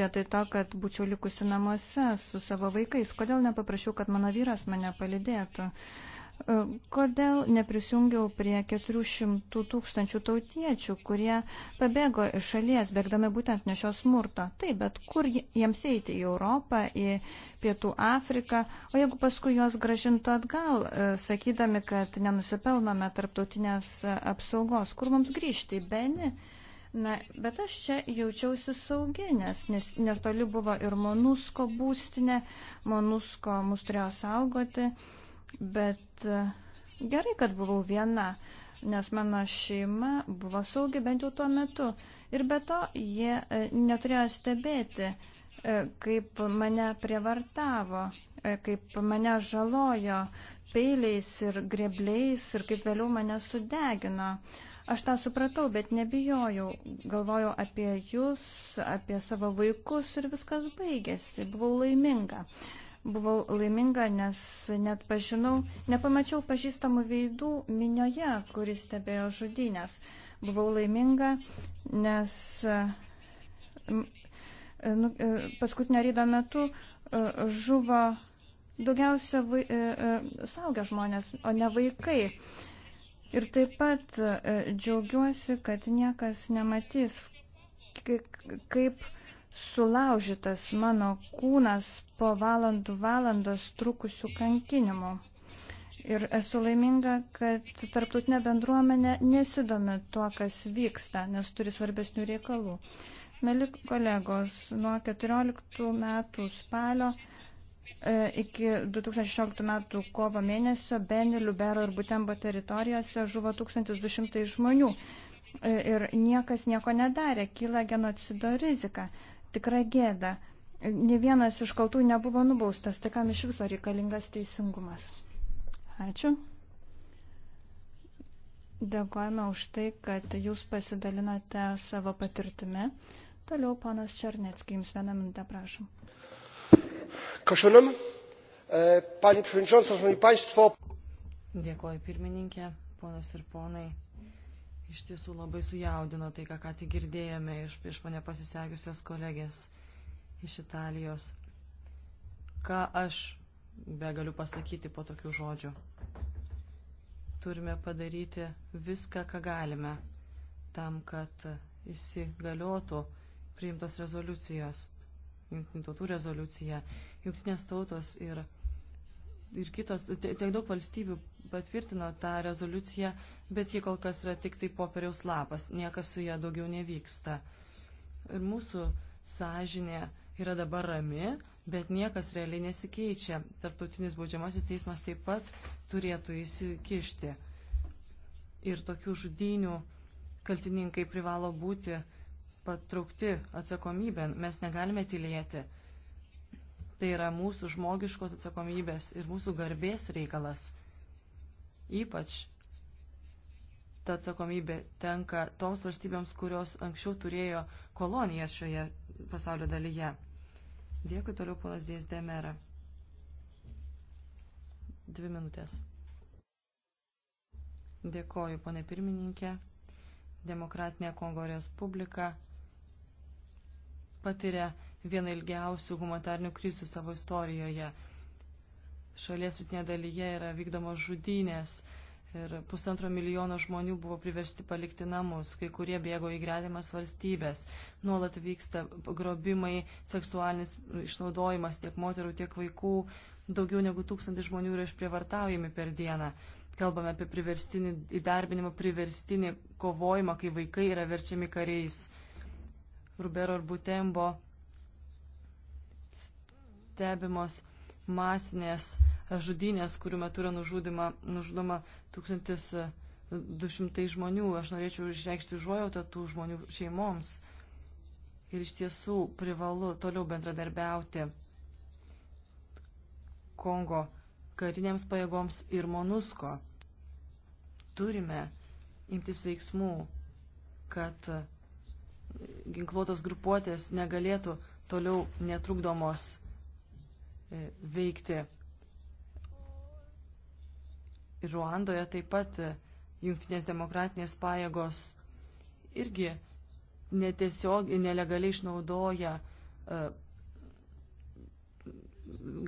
vietoj to, kad būčiau likusi namuose su savo vaikais. Kodėl nepaprašiau, kad mano vyras mane palidėtų? Uh, E, kodėl neprisijungiau prie 400 tūkstančių tautiečių, kurie pabėgo iš šalies, bėgdami būtent nuo šios smurto? Taip, bet kur jiems eiti į Europą, į Pietų Afriką, o jeigu paskui juos gražintų atgal, e, sakydami, kad nenusipelnome tarptautinės apsaugos, kur mums grįžti į Beni? Na, bet aš čia jaučiausi saugi, nes, nes, nes toli buvo ir Monusko būstinė, Monusko mus turėjo saugoti. Uh, bet e, gerai, kad buvau viena, nes mano šeima buvo saugi bent jau tuo metu. Ir be to, jie e, neturėjo stebėti, e, kaip mane prievartavo, kaip mane žalojo peiliais ir grebliais ir kaip vėliau mane sudegino. Aš tą supratau, bet nebijojau. Galvojau apie jūs, apie savo vaikus ir viskas baigėsi. Buvau laiminga. Uh, Buvau laiminga, nes net pažinau, nepamačiau pažįstamų veidų minioje, kuris stebėjo žudynės. Buvau laiminga, nes nu, e, paskutinio rydo metu e, žuvo daugiausia vai, e, saugia žmonės, o ne vaikai. Ir taip pat džiaugiuosi, kad niekas nematys, kaip sulaužytas mano kūnas po valandų valandas trukusių kankinimų. Ir esu laiminga, kad tarptautinė bendruomenė nesidomi tuo, kas vyksta, nes turi svarbesnių reikalų. Meli kolegos, nuo 14 metų spalio e, iki 2016 metų kovo mėnesio Benio, Liubero ir Butembo teritorijose žuvo 1200 žmonių. E, ir niekas nieko nedarė, kyla genocido rizika. Tikra gėda. Ne vienas iš kaltų nebuvo nubaustas, tai kam iš viso reikalingas teisingumas. Ačiū. Dėkojame už tai, kad jūs pasidalinote savo patirtimi. Toliau panas Černecki, jums vieną minutę prašom. Koszonem, e, pani przewodnicząca, szanowni państwo. Dėkoju pirmininkė, ponas ir ponai. Iš tiesų labai sujaudino tai, ką ką tik girdėjome iš prieš mane pasisegusios kolegės iš Italijos. Ką aš be galiu pasakyti po tokių žodžių? Turime padaryti viską, ką galime, tam, kad įsigaliotų priimtos rezoliucijos, jungtinių tautų rezoliucija. Jungtinės tautos ir ir kitos, tiek daug valstybių patvirtino tą rezoliuciją, bet ji kol kas yra tik tai popieriaus lapas, niekas su ją daugiau nevyksta. Ir mūsų sąžinė yra dabar rami, bet niekas realiai nesikeičia. Tarptautinis baudžiamasis teismas taip pat turėtų įsikišti. Ir tokių žudinių kaltininkai privalo būti patraukti atsakomybėn. Mes negalime tylėti. Tai yra mūsų žmogiškos atsakomybės ir mūsų garbės reikalas. Ypač ta atsakomybė tenka toms valstybėms, kurios anksčiau turėjo kolonijas šioje pasaulio dalyje. Dėkui toliau, ponas Dės Demera. Dvi minutės. Dėkoju, ponė pirmininkė. Demokratinė Kongo Respublika patiria viena ilgiausių humanitarnių krizių savo istorijoje. Šalies rytinė dalyje yra vykdomos žudynės ir pusantro milijono žmonių buvo priversti palikti namus, kai kurie bėgo į gretimas valstybės. Nuolat vyksta grobimai, seksualinis išnaudojimas tiek moterų, tiek vaikų. Daugiau negu tūkstantis žmonių yra išprievartaujami per dieną. Kalbame apie priverstinį įdarbinimą, priverstinį kovojimą, kai vaikai yra verčiami kariais. Rubero ir Butembo stebimos masinės žudynės, kurių metu yra nužudima, nužudoma 1200 e, žmonių. Aš norėčiau išreikšti užuojautą tų žmonių šeimoms. Ir iš tiesų privalu toliau bendradarbiauti Kongo karinėms pajėgoms ir Monusko. Turime imtis veiksmų, kad e, ginkluotos grupuotės negalėtų toliau netrukdomos E, veikti. Ir Ruandoje taip pat e, jungtinės demokratinės pajėgos irgi netiesiog nelegaliai išnaudoja e,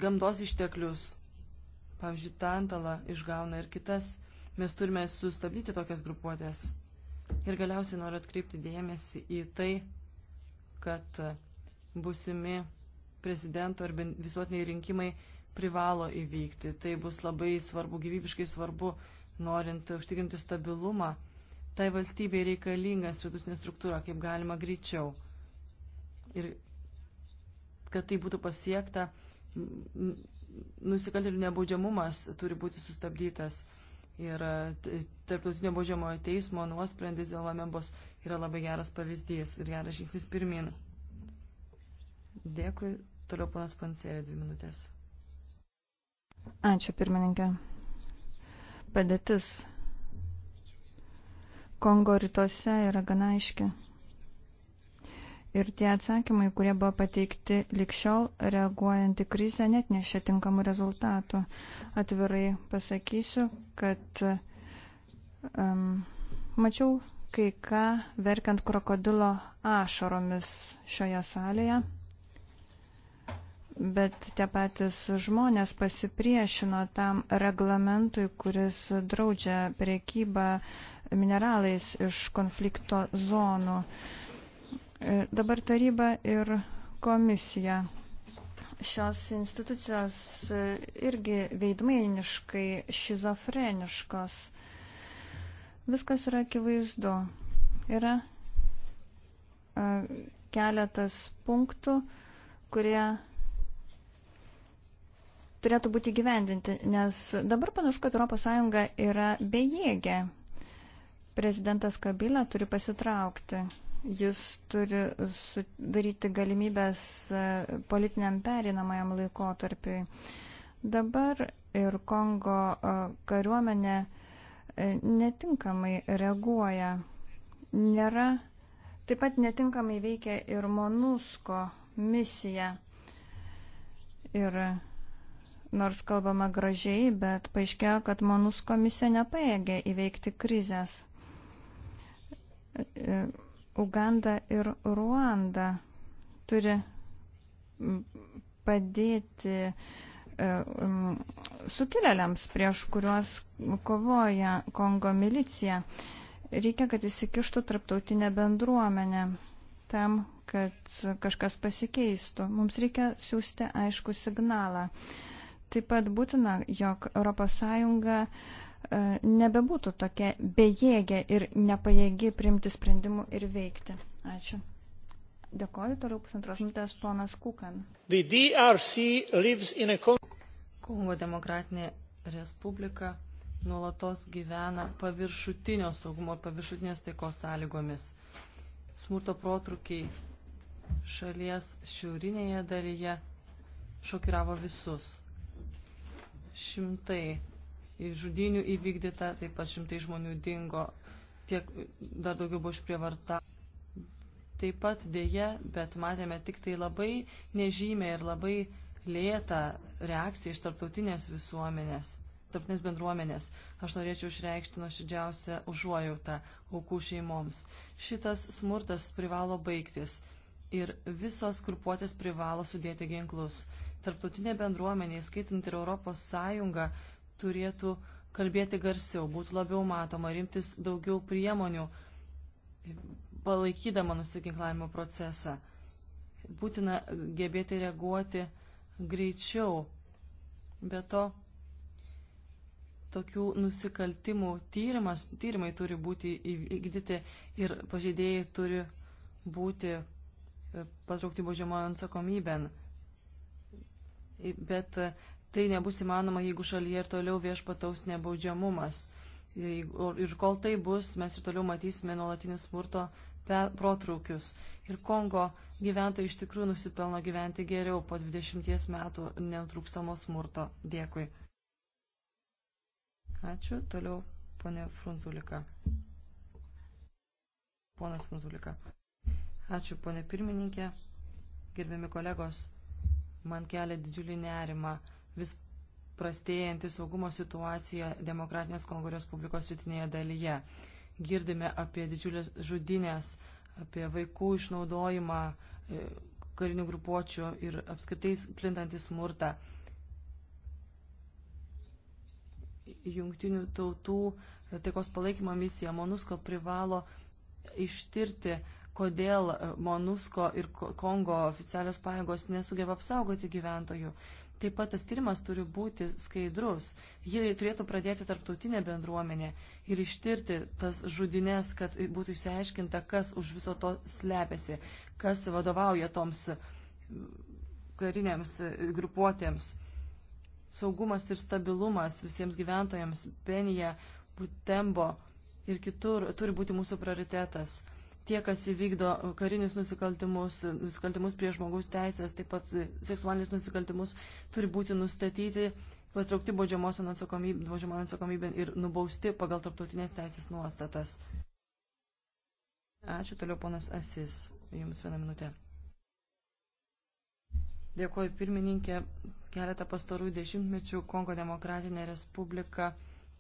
gamtos išteklius. Pavyzdžiui, tantalą išgauna ir kitas. Mes turime sustabdyti tokias grupuotės. Ir galiausiai noriu atkreipti dėmesį į tai, kad busimi prezidento ir visuotiniai rinkimai privalo įvykti. Tai bus labai svarbu, gyvybiškai svarbu, norint užtikrinti stabilumą. Tai valstybei reikalinga institucinė struktūra, kaip galima greičiau. Ir kad tai būtų pasiekta, nusikaltėlių nebaudžiamumas turi būti sustabdytas. Ir tarptautinio baudžiamojo teismo nuosprendis dėl Lamembos yra labai geras pavyzdys ir geras žingsnis pirmin. Dėkui. Toliau panas Pansėrė, dvi minutės. Ačiū, pirmininkė. Padėtis Kongo rytuose yra gana aiški. Ir tie atsakymai, kurie buvo pateikti likščiol reaguojant į krizę, net nešia tinkamų rezultatų. Atvirai pasakysiu, kad um, mačiau kai ką verkiant krokodilo ašaromis šioje salėje bet tie patys žmonės pasipriešino tam reglamentui, kuris draudžia priekybą mineralais iš konflikto zonų. Dabar taryba ir komisija. Šios institucijos irgi veidmainiškai šizofreniškos. Viskas yra akivaizdu. Yra e, keletas punktų, kurie turėtų būti gyvendinti, nes dabar panašu, kad ES yra bejėgė. Prezidentas Kabila turi pasitraukti. Jis turi sudaryti galimybės e, politiniam perinamajam laikotarpiui. Dabar ir Kongo e, kariuomenė e, netinkamai reaguoja. Nėra, taip pat netinkamai veikia ir MONUSKO misija. Ir nors kalbama gražiai, bet paaiškėjo, kad Monus komisija nepaėgė įveikti krizės. E, Uganda ir Ruanda turi padėti e, sukilėliams, prieš kuriuos kovoja Kongo milicija. Reikia, kad įsikištų tarptautinė bendruomenė tam, kad kažkas pasikeistų. Mums reikia siūsti aišku signalą. Uh, taip pat būtina, jog ES e, nebebūtų tokia bejėgė ir nepajėgi priimti sprendimų ir veikti. Ačiū. Dėkoju, toliau pusantros minutės ponas Kukan. A... Kongo demokratinė respublika nuolatos gyvena paviršutinio saugumo, paviršutinės taikos sąlygomis. Smurto protrukiai šalies šiaurinėje dalyje šokiravo visus šimtai žudinių įvykdyta, taip pat šimtai žmonių dingo, tiek dar daugiau buvo išprievarta. Taip pat dėje, bet matėme tik tai labai nežymę ir labai lėtą reakciją iš tarptautinės visuomenės, tarptautinės bendruomenės. Aš norėčiau išreikšti nuoširdžiausią užuojautą aukų šeimoms. Šitas smurtas privalo baigtis ir visos grupuotės privalo sudėti ginklus tarptautinė bendruomenė, skaitant ir Europos Sąjungą, turėtų kalbėti garsiau, būtų labiau matoma, rimtis daugiau priemonių, palaikydama nusiginklavimo procesą. Būtina gebėti reaguoti greičiau. Be to, tokių nusikaltimų tyrimas, tyrimai turi būti įvykdyti ir pažeidėjai turi būti e, patraukti baudžiamojo atsakomybėn bet tai nebus įmanoma, jeigu šalyje ir toliau viešpataus nebaudžiamumas. Ir kol tai bus, mes ir toliau matysime nuolatinius smurto protrūkius. Ir Kongo gyventojai iš tikrųjų nusipelno gyventi geriau po 20 metų nenutrūkstamo smurto. Dėkui. Ačiū. Toliau ponė Frunzulika. Ponas Frunzulika. Ačiū, ponė pirmininkė. Gerbiami kolegos man kelia didžiulį nerimą vis prastėjantį saugumo situaciją Demokratinės Kongo Respublikos rytinėje dalyje. Girdime apie didžiulės žudinės, apie vaikų išnaudojimą e, karinių grupuočių ir apskritai plintantį smurtą. Jungtinių tautų taikos palaikymo misija MONUSKO privalo ištirti uh, kodėl Monusko ir Kongo oficialios pajėgos nesugeba apsaugoti gyventojų. Taip pat tas tyrimas turi būti skaidrus. Jį turėtų pradėti tarptautinė bendruomenė ir ištirti tas žudinės, kad būtų išsiaiškinta, kas už viso to slepiasi, kas vadovauja toms karinėms grupuotėms. Saugumas ir stabilumas visiems gyventojams Benija, Butembo ir kitur turi būti mūsų prioritetas tie, kas įvykdo karinius nusikaltimus, nusikaltimus prie žmogaus teisės, taip pat seksualinius nusikaltimus, turi būti nustatyti, patraukti baudžiamosios atsakomybėn atsakomybė ir nubausti pagal tarptautinės teisės nuostatas. Ačiū toliau, ponas Asis. Jums vieną minutę. Dėkuoju pirmininkė. Keletą pastarų dešimtmečių Kongo Demokratinė Respublika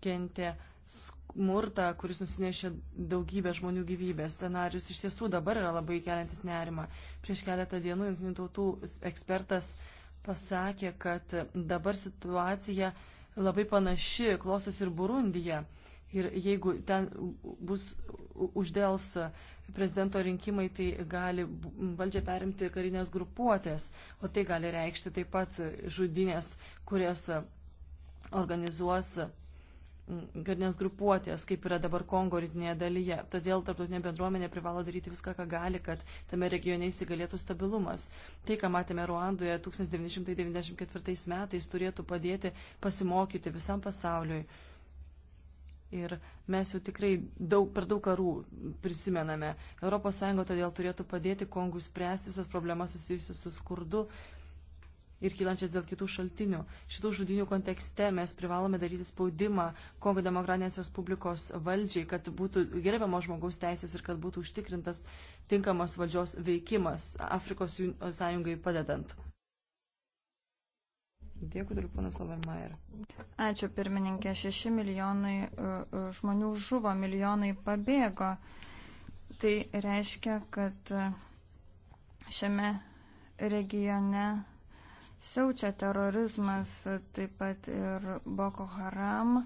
kentė smurtą, kuris nusinešė daugybę žmonių gyvybės. Scenarius iš tiesų dabar yra labai keliantis nerima. Prieš keletą dienų jungtinių tautų ekspertas pasakė, kad dabar situacija labai panaši klostosi ir Burundija. Ir jeigu ten bus uždėls prezidento rinkimai, tai gali valdžia perimti karinės grupuotės, o tai gali reikšti taip pat žudinės, kurias organizuos karinės grupuotės, kaip yra dabar Kongo rytinėje dalyje. Todėl tarptautinė bendruomenė privalo daryti viską, ką gali, kad tame regione įsigalėtų stabilumas. Tai, ką matėme Ruandoje 1994 metais, turėtų padėti pasimokyti visam pasauliui. Ir mes jau tikrai daug, per daug karų prisimename. ES todėl turėtų padėti Kongui spręsti visas problemas susijusius su skurdu, ir kylančias dėl kitų šaltinių. Šitų žudinių kontekste mes privalome daryti spaudimą Kongo Demokratinės Respublikos valdžiai, kad būtų gerbiamos žmogaus teisės ir kad būtų užtikrintas tinkamas valdžios veikimas Afrikos sąjungai padedant. Dėkui, turiu panas Overmaier. Ačiū, pirmininkė. Šeši milijonai e, e, žmonių žuvo, milijonai pabėgo. Tai reiškia, kad e, šiame regione siaučia terorizmas, taip pat ir Boko Haram.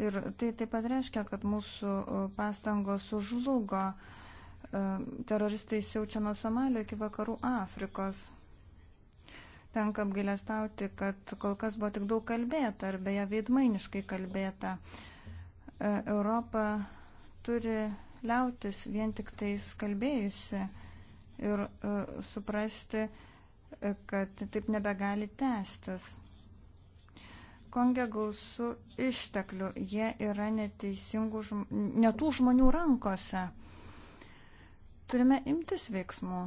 Ir tai taip pat reiškia, kad mūsų pastangos sužlugo. E, teroristai siaučia nuo Somalio iki vakarų Afrikos. Tenka apgailestauti, kad kol kas buvo tik daug kalbėta ar beje veidmainiškai kalbėta. E, Europa turi liautis vien tik tais kalbėjusi ir e, suprasti, uh, kad taip nebegali tęstis. Konge gausu išteklių, jie yra neteisingų, žm... netų žmonių rankose. Turime imtis veiksmų.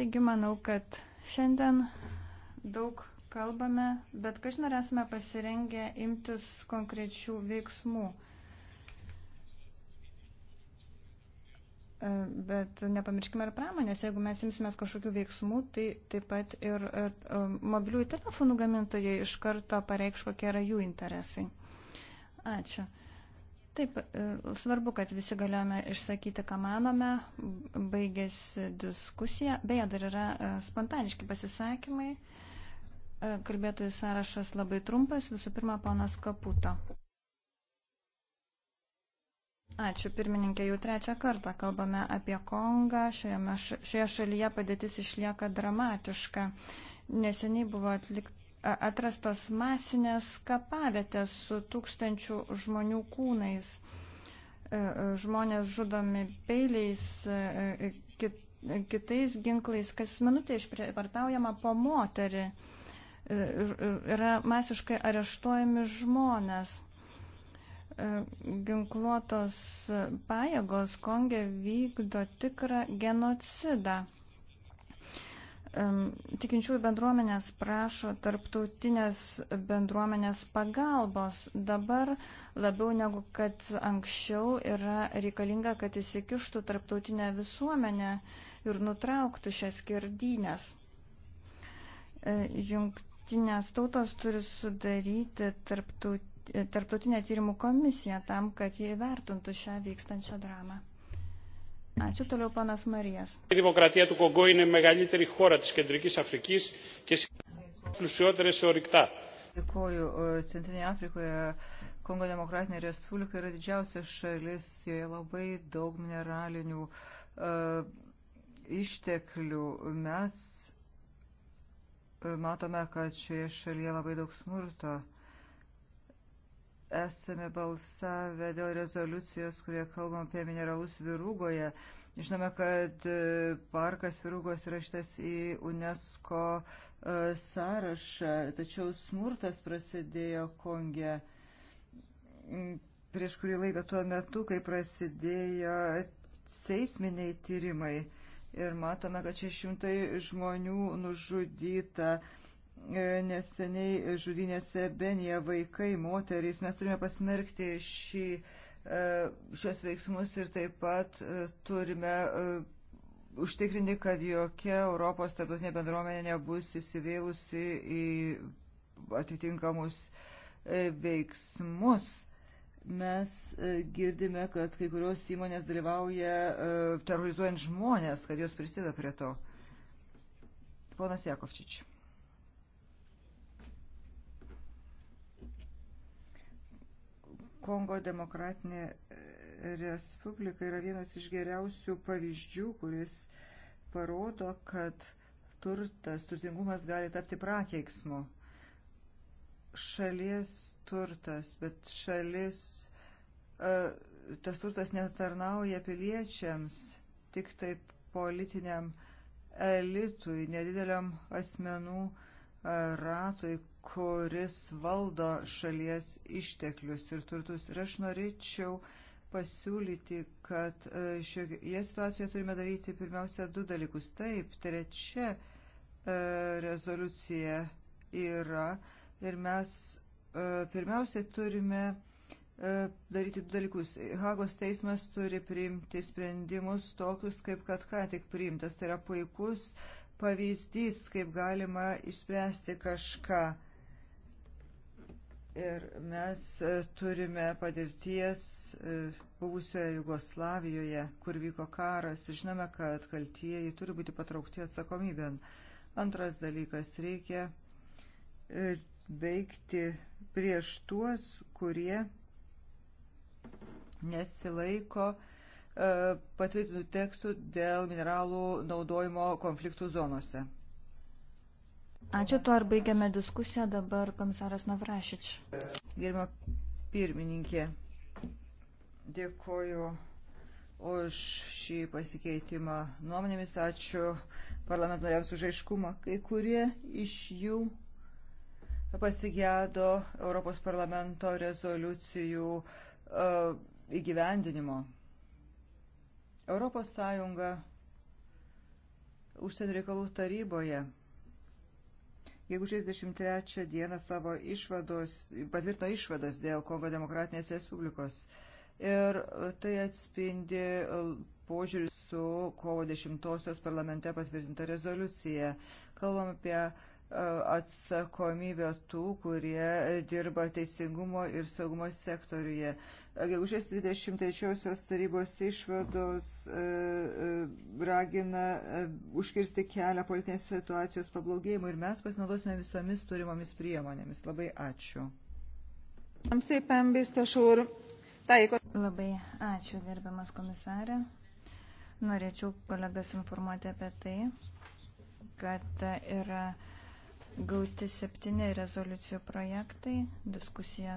Taigi manau, kad šiandien daug kalbame, bet kažin ar esame pasirengę imtis konkrečių veiksmų. E, bet nepamirškime ir pramonės, jeigu mes imsimės kažkokių veiksmų, tai taip pat ir e, e, mobiliųjų telefonų gamintojai iš karto pareikš, kokie yra jų interesai. Ačiū. Taip, svarbu, kad visi galėjome išsakyti, ką manome, baigėsi diskusija. Beje, dar yra spontaniški pasisakymai. Kalbėtojų sąrašas labai trumpas. Visų pirma, ponas Kaputo. Ačiū, pirmininkė, jau trečią kartą kalbame apie Kongą. Šioje, šioje šalyje padėtis išlieka dramatiška. Neseniai buvo atlikta atrastos masinės kapavietės su tūkstančių žmonių kūnais. E, e, žmonės žudomi peiliais, e, kit, kitais ginklais, kas minutė išprievartaujama po moterį. Yra masiškai areštuojami žmonės. E, ginkluotos pajėgos Kongė vykdo tikrą genocidą. E, tikinčiųjų bendruomenės prašo tarptautinės bendruomenės pagalbos. Dabar labiau negu kad anksčiau yra reikalinga, kad įsikištų tarptautinė visuomenė ir nutrauktų šias skirdynės. E, jungtinės tautos turi sudaryti tarptautinę tarptautinę tyrimų komisiją tam, kad jie vertintų šią vykstančią dramą. Ačiū toliau, panas Marijas. Η δημοκρατία του Κογκό είναι η μεγαλύτερη χώρα της Κεντρικής Αφρικής και πλουσιότερη σε ορυκτά. Dėkuoju. Centrinėje Afrikoje Kongo Demokratinė Respublika yra didžiausia šalis, joje labai daug mineralinių uh, išteklių. Mes e, matome, kad šioje šalyje labai daug smurto. Uh, esame balsavę dėl rezoliucijos, kurie kalbam apie mineralus Virūgoje. Žinome, kad e, parkas Virūgos raštas į UNESCO e, sąrašą, tačiau smurtas prasidėjo Konge prieš kurį laiką tuo metu, kai prasidėjo seisminiai tyrimai. Ir matome, kad 600 žmonių nužudyta E, neseniai žudynėse Benija vaikai, moterys. Mes turime pasmerkti šį, e, šios veiksmus ir taip pat e, turime užtikrinti, kad jokia Europos tarptautinė bendruomenė nebus įsivėlusi į atitinkamus veiksmus. Mes girdime, kad kai kurios įmonės dalyvauja terrorizuojant žmonės, kad jos prisideda prie to. Ponas Jakovčičius. Kongo demokratinė e, Respublika yra vienas iš geriausių pavyzdžių, kuris parodo, kad turtas, turtingumas gali tapti prakeiksmu. Šalies turtas, bet šalis, e, tas turtas netarnauja piliečiams, tik taip politiniam elitui, nedideliam asmenų e, ratui, kuris valdo šalies išteklius ir turtus. Ir aš norėčiau pasiūlyti, kad e, šioje situacijoje turime daryti pirmiausia du dalykus. Taip, trečia e, rezoliucija yra ir mes e, pirmiausia turime daryti du dalykus. Hagos teismas turi priimti sprendimus tokius, kaip kad ką tik priimtas. Tai yra puikus pavyzdys, kaip galima išspręsti kažką. Ir mes e, turime patirties e, buvusioje Jugoslavijoje, kur vyko karas. Žinome, kad kaltieji turi būti patraukti atsakomybėn. Antras dalykas - reikia e, veikti prieš tuos, kurie nesilaiko patvirtintų tekstų dėl mineralų naudojimo konfliktų zonose. Ačiū, tuo ar baigiame diskusiją. Dabar komisaras Navrašič. Gerimo pirmininkė, dėkoju už šį pasikeitimą nuomonėmis. Ačiū parlamentariams už aiškumą. Kai kurie iš jų pasigėdo Europos parlamento rezoliucijų uh, įgyvendinimo. Europos Sąjunga užsienio reikalų taryboje Jeigu 63 dieną savo išvados, patvirtino išvadas dėl Kongo demokratinės Respublikos. Ir tai atspindi uh, požiūrį su kovo 10-osios parlamente patvirtinta rezoliucija. Kalbam apie uh, atsakomybę tų, kurie dirba teisingumo ir saugumo sektoriuje. Gegužės 23-osios tarybos išvados e, e, ragina e, užkirsti kelią politinės situacijos pablogėjimui ir mes pasinaudosime visomis turimomis priemonėmis. Labai ačiū. Labai ačiū, gerbiamas komisarė. Norėčiau kolegas informuoti apie tai, kad yra gauti septyni rezoliucijų projektai, diskusija